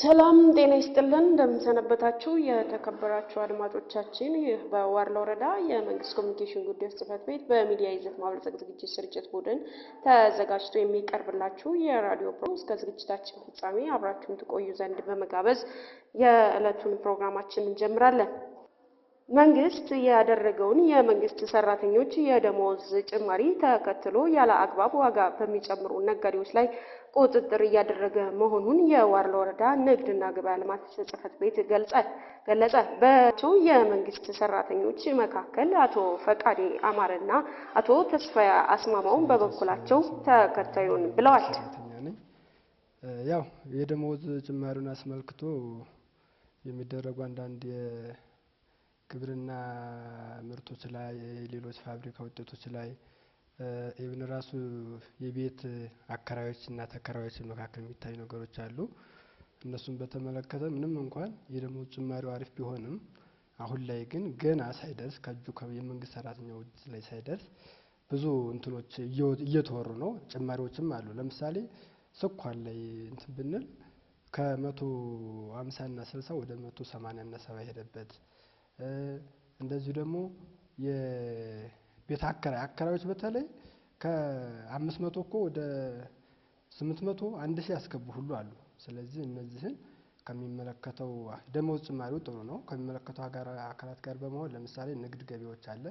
ሰላም ጤና ይስጥልን። እንደምንሰነበታችሁ የተከበራችሁ አድማጮቻችን፣ ይህ በዋርላ ወረዳ የመንግስት ኮሚኒኬሽን ጉዳዮች ጽህፈት ቤት በሚዲያ ይዘት ማበልጸግ ዝግጅት ስርጭት ቡድን ተዘጋጅቶ የሚቀርብላችሁ የራዲዮ ፕሮግራም እስከ ዝግጅታችን ፍጻሜ አብራችሁን ትቆዩ ዘንድ በመጋበዝ የዕለቱን ፕሮግራማችን እንጀምራለን። መንግስት ያደረገውን የመንግስት ሰራተኞች የደሞዝ ጭማሪ ተከትሎ ያለ አግባብ ዋጋ በሚጨምሩ ነጋዴዎች ላይ ቁጥጥር እያደረገ መሆኑን የዋርላ ወረዳ ንግድና ገበያ ልማት ጽሕፈት ቤት ገለጸ። በቶ የመንግስት ሰራተኞች መካከል አቶ ፈቃዴ አማረና አቶ ተስፋያ አስማማውን በበኩላቸው ተከታዩን ብለዋል። ያው የደሞዝ ጭማሪውን አስመልክቶ የሚደረጉ አንዳንድ ግብርና ምርቶች ላይ ሌሎች ፋብሪካ ውጤቶች ላይ ኢቭን ራሱ የቤት አከራዮች እና ተከራዮች መካከል የሚታዩ ነገሮች አሉ። እነሱን በተመለከተ ምንም እንኳን የደሞዝ ጭማሪው አሪፍ ቢሆንም አሁን ላይ ግን ገና ሳይደርስ ከእጁ የመንግስት ሰራተኛው እጅ ላይ ሳይደርስ ብዙ እንትኖች እየተወሩ ነው። ጭማሪዎችም አሉ። ለምሳሌ ስኳር ላይ እንትን ብንል ከመቶ ሀምሳ እና ስልሳ ወደ መቶ ሰማኒያ እና ሰባ የሄደበት እንደዚሁ ደግሞ የቤት አከራይ አከራዮች በተለይ ከአምስት መቶ እኮ ወደ ስምንት መቶ አንድ ሺህ ያስገቡ ሁሉ አሉ። ስለዚህ እነዚህን ከሚመለከተው ደሞዝ ጭማሪው ጥሩ ነው። ከሚመለከተው አካላት ጋር በመሆን ለምሳሌ ንግድ ገቢዎች አለ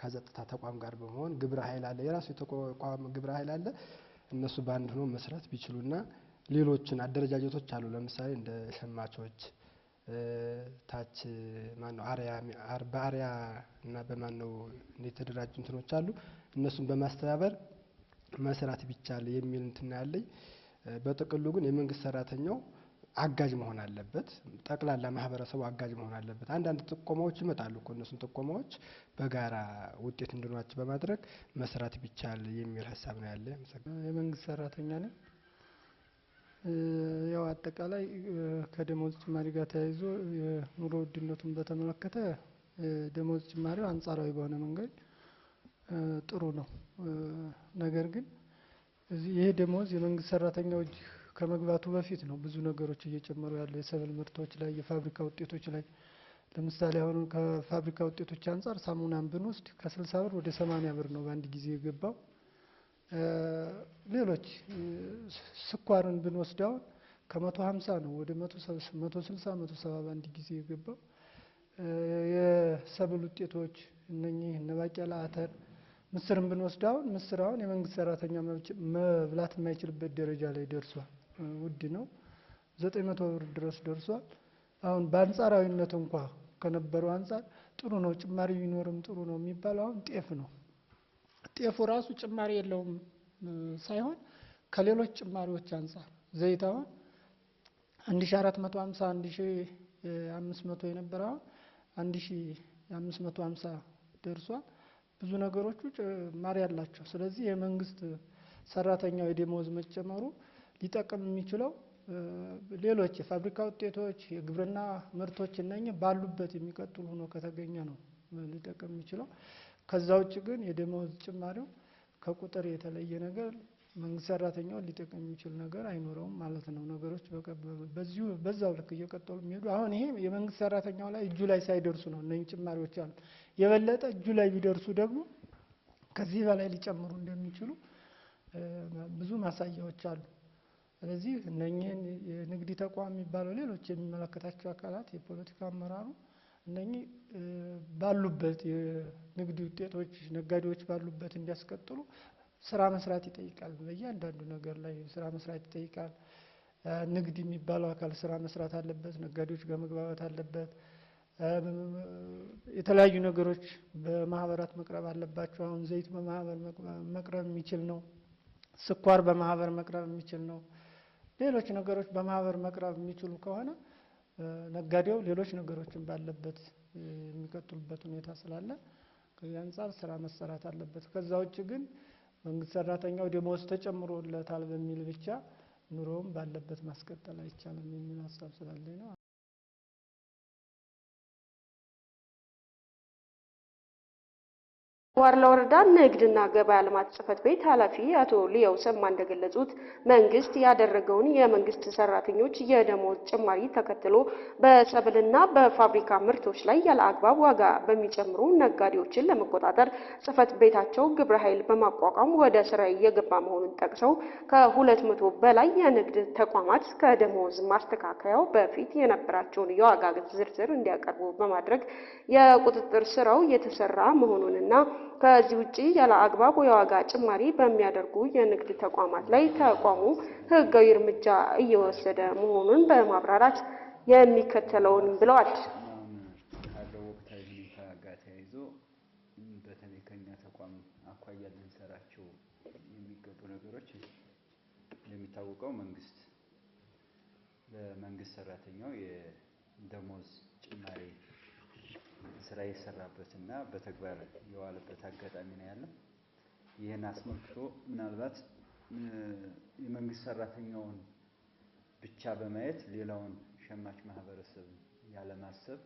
ከጸጥታ ተቋም ጋር በመሆን ግብረ ሀይል አለ የራሱ የተቋቋመ ግብረ ሀይል አለ። እነሱ በአንድ ሆኖ መስራት ቢችሉና ሌሎችን አደረጃጀቶች አሉ ለምሳሌ እንደ ሸማቾች ታች ማነው አሪያ በአሪያ እና በማነው የተደራጁ እንትኖች አሉ እነሱን በማስተባበር መስራት ቢቻል የሚል እንትና ያለኝ። በጥቅሉ ግን የመንግስት ሰራተኛው አጋዥ መሆን አለበት። ጠቅላላ ማህበረሰቡ አጋዥ መሆን አለበት። አንዳንድ ጥቆማዎች ይመጣሉ እኮ እነሱን ጥቆማዎች በጋራ ውጤት እንዲኖራቸው በማድረግ መስራት ቢቻል የሚል ሀሳብ ነው ያለ። የመንግስት ሰራተኛ ነው። ያው አጠቃላይ ከደሞዝ ጭማሪ ጋር ተያይዞ የኑሮ ውድነቱን በተመለከተ ደሞዝ ጭማሪው አንጻራዊ በሆነ መንገድ ጥሩ ነው። ነገር ግን እዚህ ይሄ ደሞዝ የመንግስት ሰራተኛው እጅ ከመግባቱ በፊት ነው ብዙ ነገሮች እየጨመሩ ያለው የሰብል ምርቶች ላይ፣ የፋብሪካ ውጤቶች ላይ ለምሳሌ አሁን ከፋብሪካ ውጤቶች አንጻር ሳሙናን ብንወስድ ከስልሳ ብር ወደ ሰማኒያ ብር ነው በአንድ ጊዜ የገባው። ሌሎች ስኳርን ብንወስድ ከመቶ ሀምሳ ነው ወደ መቶ ስልሳ መቶ ሰባ በአንድ ጊዜ የገባው የሰብል ውጤቶች እነኚህ እነ ባቄላ፣ አተር፣ ምስርን ብንወስድ አሁን ምስር አሁን የመንግስት ሰራተኛ መብላት የማይችልበት ደረጃ ላይ ደርሷል። ውድ ነው። ዘጠኝ መቶ ብር ድረስ ደርሷል። አሁን በአንጻራዊነት እንኳ ከነበረው አንጻር ጥሩ ነው። ጭማሪ ቢኖርም ጥሩ ነው የሚባለው አሁን ጤፍ ነው። ጤፉ ራሱ ጭማሪ የለውም ሳይሆን ከሌሎች ጭማሪዎች አንጻር ዘይት አሁን 1450 1500 የነበረ አሁን ሀምሳ ደርሷል። ብዙ ነገሮቹ ጭማሪ አላቸው። ስለዚህ የመንግስት ሰራተኛው የደሞዝ መጨመሩ ሊጠቅም የሚችለው ሌሎች የፋብሪካ ውጤቶች፣ የግብርና ምርቶች እነኝ ባሉበት የሚቀጥሉ ሆኖ ከተገኘ ነው ሊጠቅም የሚችለው። ከዛ ውጭ ግን የደሞዝ ጭማሪው ከቁጥር የተለየ ነገር መንግስት ሰራተኛውን ሊጠቅም የሚችል ነገር አይኖረውም ማለት ነው። ነገሮች በዚሁ በዛው ልክ እየቀጠሉ የሚሄዱ አሁን ይሄ የመንግስት ሰራተኛው ላይ እጁ ላይ ሳይደርሱ ነው እነኝ ጭማሪዎች አሉ። የበለጠ እጁ ላይ ቢደርሱ ደግሞ ከዚህ በላይ ሊጨምሩ እንደሚችሉ ብዙ ማሳያዎች አሉ። ስለዚህ እነኚህን የንግድ ተቋም የሚባለው ሌሎች የሚመለከታቸው አካላት የፖለቲካ አመራሩ እነኚህ ባሉበት የንግድ ውጤቶች ነጋዴዎች ባሉበት እንዲያስቀጥሉ ስራ መስራት ይጠይቃል። በእያንዳንዱ ነገር ላይ ስራ መስራት ይጠይቃል። ንግድ የሚባለው አካል ስራ መስራት አለበት። ነጋዴዎች ጋር መግባባት አለበት። የተለያዩ ነገሮች በማህበራት መቅረብ አለባቸው። አሁን ዘይት በማህበር መቅረብ የሚችል ነው። ስኳር በማህበር መቅረብ የሚችል ነው። ሌሎች ነገሮች በማህበር መቅረብ የሚችሉ ከሆነ ነጋዴው ሌሎች ነገሮችን ባለበት የሚቀጥሉበት ሁኔታ ስላለ ከዚህ አንጻር ስራ መሰራት አለበት። ከዛ ውጭ ግን መንግስት ሰራተኛው ደሞዝ ተጨምሮለታል በሚል ብቻ ኑሮውም ባለበት ማስቀጠል አይቻልም የሚል ሀሳብ ስላለኝ ነው። ዋርላ ወረዳ ንግድና ገበያ ልማት ጽህፈት ቤት ኃላፊ አቶ ሊያው ሰማ እንደገለጹት መንግስት ያደረገውን የመንግስት ሰራተኞች የደሞዝ ጭማሪ ተከትሎ በሰብልና በፋብሪካ ምርቶች ላይ ያለ አግባብ ዋጋ በሚጨምሩ ነጋዴዎችን ለመቆጣጠር ጽህፈት ቤታቸው ግብረ ኃይል በማቋቋም ወደ ስራ እየገባ መሆኑን ጠቅሰው ከሁለት መቶ በላይ የንግድ ተቋማት ከደሞዝ ማስተካከያው በፊት የነበራቸውን የዋጋ ዝርዝር እንዲያቀርቡ በማድረግ የቁጥጥር ስራው የተሰራ መሆኑንና ከዚህ ውጪ ያለ አግባብ የዋጋ ጭማሪ በሚያደርጉ የንግድ ተቋማት ላይ ተቋሙ ህጋዊ እርምጃ እየወሰደ መሆኑን በማብራራት የሚከተለውን ብለዋል። ካለው ወቅታዊ ሁኔታ ጋር ተያይዞ በተለይ ከኛ ተቋም አኳያ ልንሰራቸው የሚገቡ ነገሮች እንደሚታወቀው መንግስት ለመንግስት ሰራተኛው የደሞዝ ጭማሪ ስራ የሰራበት እና በተግባር የዋለበት አጋጣሚ ነው ያለው። ይህን አስመልክቶ ምናልባት የመንግስት ሰራተኛውን ብቻ በማየት ሌላውን ሸማች ማህበረሰብ ያለማሰብ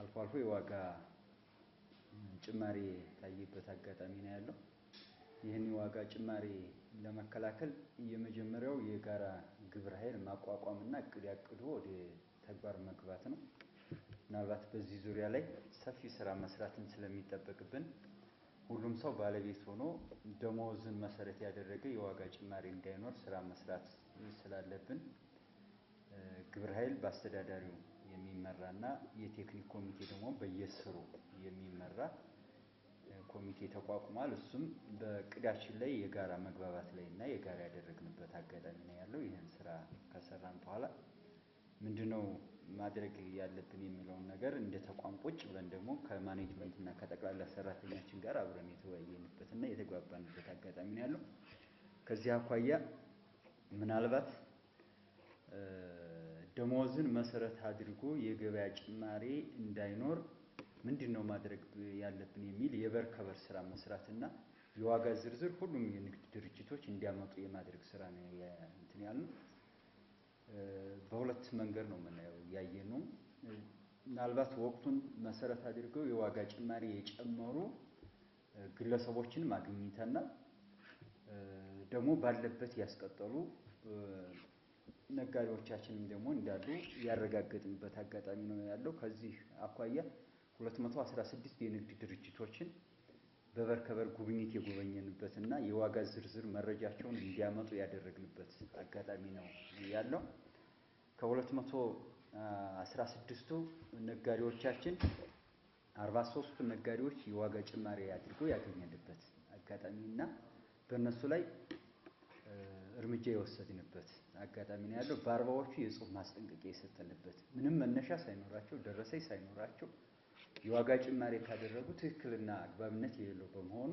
አልፎ አልፎ የዋጋ ጭማሪ የታየበት አጋጣሚ ነው ያለው። ይህን የዋጋ ጭማሪ ለመከላከል የመጀመሪያው የጋራ ግብረ ኃይል ማቋቋምና እቅድ ያቅዶ ወደ ተግባር መግባት ነው። ምናልባት በዚህ ዙሪያ ላይ ሰፊ ስራ መስራትን ስለሚጠበቅብን ሁሉም ሰው ባለቤት ሆኖ ደሞዝን መሰረት ያደረገ የዋጋ ጭማሪ እንዳይኖር ስራ መስራት ስላለብን ግብረ ኃይል በአስተዳዳሪው የሚመራና የቴክኒክ ኮሚቴ ደግሞ በየስሩ የሚመራ ኮሚቴ ተቋቁሟል። እሱም በቅዳችን ላይ የጋራ መግባባት ላይ እና የጋራ ያደረግንበት አጋጣሚ ነው ያለው። ይህን ስራ ከሰራን በኋላ ምንድነው ማድረግ ያለብን የሚለውን ነገር እንደ ተቋም ቁጭ ብለን ደግሞ ከማኔጅመንትና ከጠቅላላ ሰራተኛችን ጋር አብረን የተወያየንበትና የተግባባንበት አጋጣሚ ነው ያለው። ከዚህ አኳያ ምናልባት ደሞዝን መሰረት አድርጎ የገበያ ጭማሬ እንዳይኖር ምንድን ነው ማድረግ ያለብን የሚል የበርከበር ስራ መስራትና የዋጋ ዝርዝር ሁሉም የንግድ ድርጅቶች እንዲያመጡ የማድረግ ስራ ነው እንትን ያልነው። በሁለት መንገድ ነው የምናየው እያየ ነው። ምናልባት ወቅቱን መሰረት አድርገው የዋጋ ጭማሪ የጨመሩ ግለሰቦችንም አግኝተናል። ደግሞ ባለበት ያስቀጠሉ ነጋዴዎቻችንም ደግሞ እንዳሉ ያረጋገጥንበት አጋጣሚ ነው ያለው። ከዚህ አኳያ 216 የንግድ ድርጅቶችን በበርከበር ጉብኝት የጎበኘንበት እና የዋጋ ዝርዝር መረጃቸውን እንዲያመጡ ያደረግንበት አጋጣሚ ነው ያለው። ከሁለት መቶ አስራ ስድስቱ ነጋዴዎቻችን አርባ ሶስቱ ነጋዴዎች የዋጋ ጭማሪ አድርገው ያገኘንበት አጋጣሚ እና በእነሱ ላይ እርምጃ የወሰድንበት አጋጣሚ ነው ያለው። በአርባዎቹ የጽሁፍ ማስጠንቀቂያ የሰጠንበት ምንም መነሻ ሳይኖራቸው ደረሰኝ ሳይኖራቸው የዋጋ ጭማሪ ካደረጉ ትክክልና አግባብነት የሌለው በመሆኑ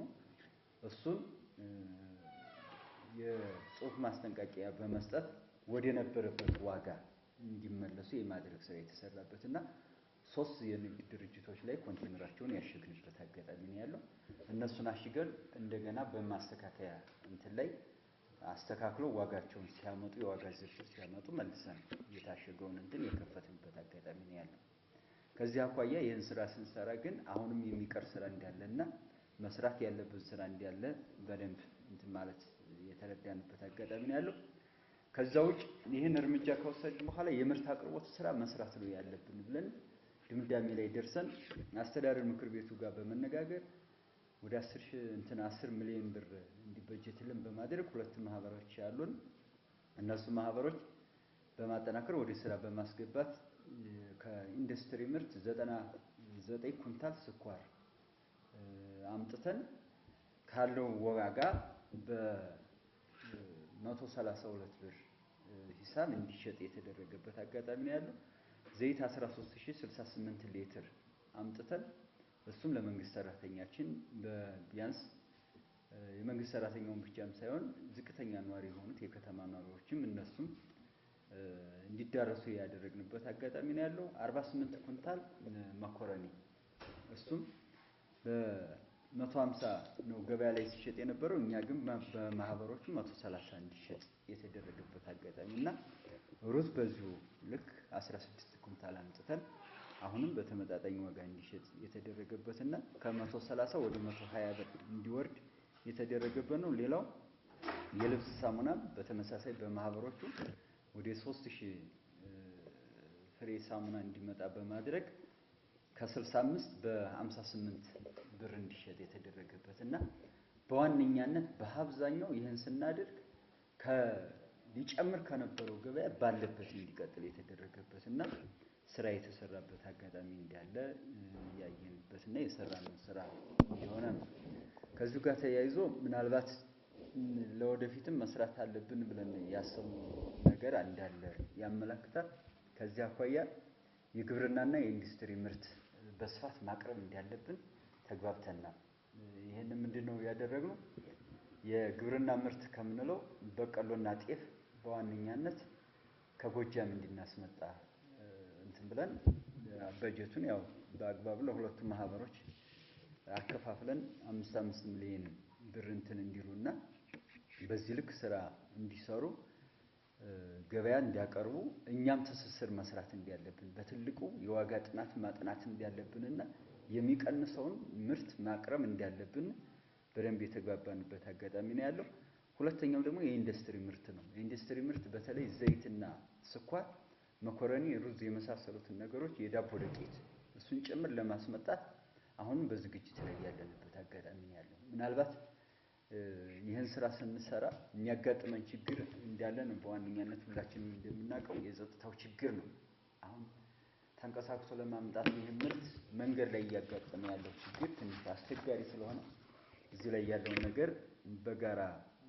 እሱን የጽሁፍ ማስጠንቀቂያ በመስጠት ወደ ነበረበት ዋጋ እንዲመለሱ የማድረግ ስራ የተሰራበት እና ሶስት የንግድ ድርጅቶች ላይ ኮንቴነራቸውን ያሸግንበት አጋጣሚ ነው ያለው። እነሱን አሽገን እንደገና በማስተካከያ እንትን ላይ አስተካክሎ ዋጋቸውን ሲያመጡ የዋጋ ዝርዝር ሲያመጡ መልሰን የታሸገውን እንትን የከፈትንበት አጋጣሚ ነው ያለው። ከዚህ አኳያ ይህን ስራ ስንሰራ ግን አሁንም የሚቀር ስራ እንዳለና መስራት ያለብን ስራ እንዳለ በደንብ እንትን ማለት የተረዳንበት አጋጣሚ ነው ያለው። ከዛ ውጭ ይህን እርምጃ ከወሰድን በኋላ የምርት አቅርቦት ስራ መስራት ነው ያለብን ብለን ድምዳሜ ላይ ደርሰን አስተዳደር ምክር ቤቱ ጋር በመነጋገር ወደ 10 እንትን 10 ሚሊዮን ብር እንዲበጀትልን በማድረግ ሁለት ማህበሮች ያሉን እነሱ ማህበሮች በማጠናከር ወደ ስራ በማስገባት ከኢንዱስትሪ ምርት 99 ኩንታል ስኳር አምጥተን ካለው ወጋ ጋር በ132 ብር ሂሳብ እንዲሸጥ የተደረገበት አጋጣሚ ያለ። ዘይት 13068 ሊትር አምጥተን እሱም ለመንግስት ሰራተኛችን በቢያንስ የመንግስት ሰራተኛውን ብቻም ሳይሆን ዝቅተኛ ኗሪ የሆኑት የከተማ ኗሪዎችም እነሱም እንዲዳረሱ ያደረግንበት አጋጣሚ ነው ያለው። 48 ኩንታል መኮረኒ እሱም በመቶ ሃምሳ ነው ገበያ ላይ ሲሸጥ የነበረው እኛ ግን በማህበሮቹ መቶ ሰላሳ እንዲሸጥ የተደረገበት አጋጣሚ እና ሩዝ በዚሁ ልክ 16 ኩንታል አምጥተን አሁንም በተመጣጣኝ ዋጋ እንዲሸጥ የተደረገበት እና ከመቶ ሰላሳ ወደ መቶ ሀያ ብር እንዲወርድ የተደረገበት ነው። ሌላው የልብስ ሳሙናም በተመሳሳይ በማህበሮቹ ወደ 3000 ፍሬ ሳሙና እንዲመጣ በማድረግ ከ65 በ58 ብር እንዲሸጥ የተደረገበት እና በዋነኛነት በአብዛኛው ይህን ስናደርግ ሊጨምር ከነበረው ገበያ ባለበት እንዲቀጥል የተደረገበት እና ስራ የተሰራበት አጋጣሚ እንዳለ ያየንበት እና የሰራነው ስራ እንደሆነ ነው። ከዚሁ ጋር ተያይዞ ምናልባት ለወደፊትም መስራት አለብን ብለን ያሰሙ ነገር እንዳለ ያመላክታል። ከዚህ አኳያ የግብርናና የኢንዱስትሪ ምርት በስፋት ማቅረብ እንዳለብን ተግባብተናል። ይህን ምንድን ነው ያደረግነው? የግብርና ምርት ከምንለው በቀሎና ጤፍ በዋነኛነት ከጎጃም እንድናስመጣ እንትን ብለን በጀቱን ያው በአግባብ ለሁለቱ ማህበሮች አከፋፍለን አምስት አምስት ሚሊዮን ብር እንትን እንዲሉና በዚህ ልክ ስራ እንዲሰሩ ገበያ እንዲያቀርቡ እኛም ትስስር መስራት እንዲያለብን በትልቁ የዋጋ ጥናት ማጥናት እንዲያለብንና የሚቀንሰውን ምርት ማቅረብ እንዳለብን በደንብ የተግባባንበት አጋጣሚ ነው ያለው። ሁለተኛው ደግሞ የኢንዱስትሪ ምርት ነው። የኢንዱስትሪ ምርት በተለይ ዘይትና ስኳር፣ መኮረኒ፣ ሩዝ የመሳሰሉትን ነገሮች የዳቦ ዱቄት እሱን ጭምር ለማስመጣት አሁንም በዝግጅት ላይ ያለንበት አጋጣሚ ነው ያለው ምናልባት ይህን ስራ ስንሰራ የሚያጋጥመን ችግር እንዳለ ነው። በዋነኛነት ሁላችንም እንደምናውቀው የጸጥታው ችግር ነው። አሁን ተንቀሳቅሶ ለማምጣት ይህ ምርት መንገድ ላይ እያጋጠመ ያለው ችግር ትንሽ አስቸጋሪ ስለሆነ እዚህ ላይ ያለውን ነገር በጋራ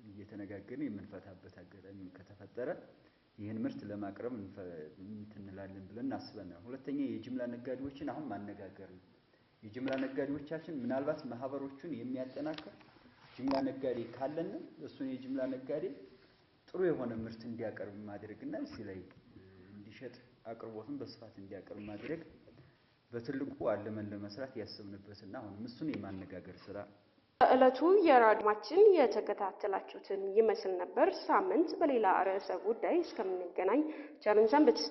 እየተነጋገርን የምንፈታበት አጋጣሚ ከተፈጠረ ይህን ምርት ለማቅረብ እንትንላለን ብለን አስበናል። ሁለተኛ የጅምላ ነጋዴዎችን አሁን ማነጋገር ነው። የጅምላ ነጋዴዎቻችን ምናልባት ማህበሮቹን የሚያጠናክር ጅምላ ነጋዴ ካለን እሱን የጅምላ ነጋዴ ጥሩ የሆነ ምርት እንዲያቀርብ ማድረግና እዚህ ላይ እንዲሸጥ አቅርቦትን በስፋት እንዲያቀርብ ማድረግ በትልቁ አለመን ለመስራት ያሰብንበትና አሁንም እሱን የማነጋገር ስራ በዕለቱ የራድማችን የተከታተላችሁትን ይመስል ነበር። ሳምንት በሌላ ርዕሰ ጉዳይ እስከምንገናኝ ቸርን ሰንብት።